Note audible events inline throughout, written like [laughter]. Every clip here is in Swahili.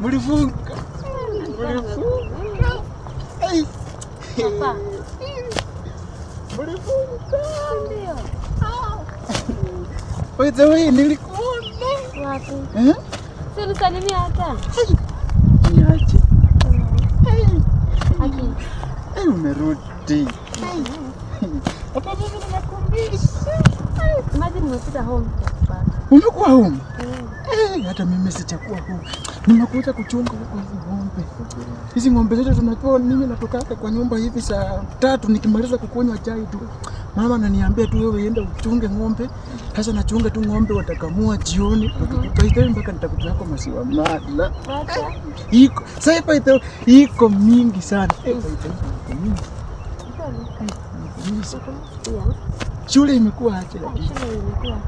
Mlifunga. Mlifunga. Mlifunga. Wewe wewe nilikuona. Wapi? Eh? Sio nisalimia hata. Niache. Aki. umerudi. Hapa mimi nimekumbisha. Maji nimefika home. Umekuwa home? Hey, eh, hata mimi sitakuwa huko. Nimekuja kuchunga huko hizi ng'ombe. Hizi ng'ombe zote tunatoa mimi natoka kwa nyumba hivi saa tatu nikimaliza kukunywa chai tu. Mama ananiambia tu wewe enda uchunge ng'ombe. Sasa nachunga tu ng'ombe watakamua jioni. Wakikupaita mpaka nitakutia kwa maziwa mala. Iko, sasa ipo paita iko mingi sana. Shule imekuwa aje lakini? Shule imekuwa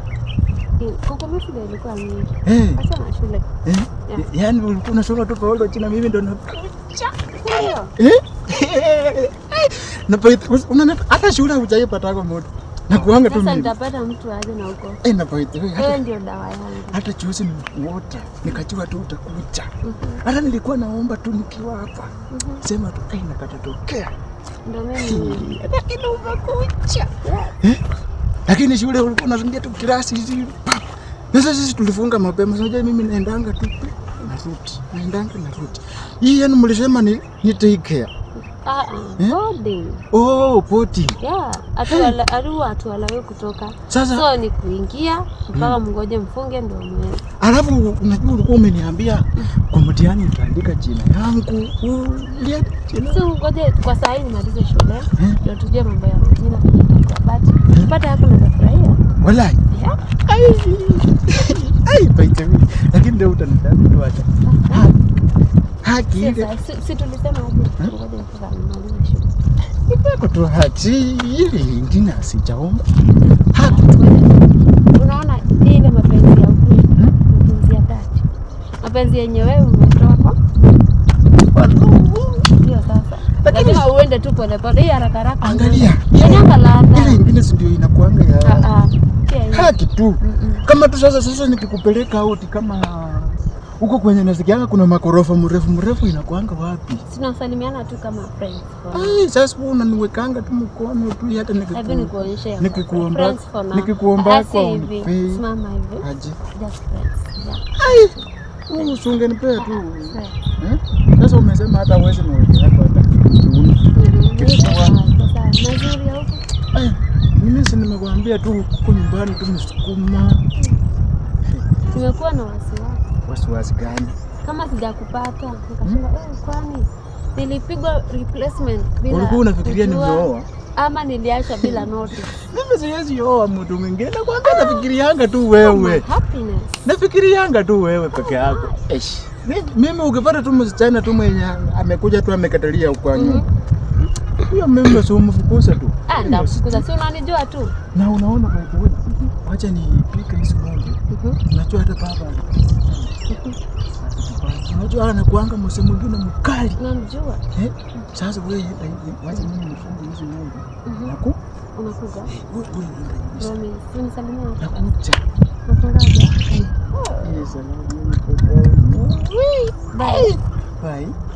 Yaani ulikuwa unasoma watoto wale China, mimi ndo eh? hata shule hujaipata kwa moto na tu mimi. Nitapata mtu aje na huko. Eh, na point. Wewe ndio dawa yangu. Hata chuzi nilikuota, nikajua tu utakuja. Mhm. Hata nilikuwa naomba tu nikiwa hapa. Mhm. Sema tu eh, nakatatokea. Ndio mimi. Lakini umekuja. Eh? Lakini shule ulikuwa unazingia tu kirasi hizi. Sasa sisi tulifunga mapema, unajua mimi naendanga tu na narudi, naendanga na narudi. Hii yenu mlisema ni, ni take care. Ah, eh? Boarding. Oh, boarding. Yeah, atuala, hey. Atualawe kutoka. Sasa, so ni kuingia mpaka mngoje mfunge ndio mwe. Alafu unajua ulikuwa umeniambia kwa mtihani utaandika jina yangu. Ulia jina. So ngoje kwa saa hii nimalize shule. Eh? Na tujue mambo ya jina. But baada hapo nitafurahia. Wallahi. Yeah. Ai lakini ndio utanituacha haki ile, si tulisema hapo tu haki ile ingine asijaomba haki. Unaona ile mapenzi ya kweli, hmm? mapenzi ya dhati, mapenzi yenyewe umetoa kwa lakini uende tu pole pole, hii haraka haraka. Angalia ile ingine, ndio inakuanga ya ah, ah. haki tu kama tu sasa sasa nikikupeleka uti kama huko kwenye nasikianga kuna makorofa mrefu mrefu inakuanga wapi? Tunasalimiana tu kama friends. Ai, sasa unaniwekanga tu mkono tu hata nikikuonyesha. Nikikuomba. Nikikuomba kwa. hivi. Simama hivi. Aje. Just friends. Ai. Usunge ni usingenipea tu. Eh? Sasa umesema hata uweze na wewe hata. Mazuri huko. Eh. Mimi si nimekuambia tu huko nyumbani tu msukuma. Tumekuwa na wasiwasi. Wasiwasi gani? Kama sijakupata nikasema hmm? Eh, kwani nilipigwa replacement bila. Ulikuwa unafikiria nilioa? Ama niliacha bila notice. [laughs] Mimi siwezi oa mtu mwingine kwanza, ah, nafikirianga tu wewe. Happiness. Nafikirianga tu wewe peke oh, yako. Eish. Mimi ukipata tu msichana tu mwenye amekuja tu amekatalia ukwanyu. Mhm. Mm -hmm. Hiyo mimi si umfukuza tu. Ah, ndakufukuza si unanijua tu. Na unaona kwa hiyo acha ni pika hizo ng'ombe. Mhm. Unajua hata baba. Mhm. Unajua ana kuanga msemo mwingine mkali. Unamjua? Eh? Sasa wewe hata eh, hivi eh, wacha mimi nifunge hizo ng'ombe. Mhm. Naku unakuza. Wewe wewe ndio. Mimi unisalimia. Nakuja. Nakuja. Yes, I love you. Bye. Bye.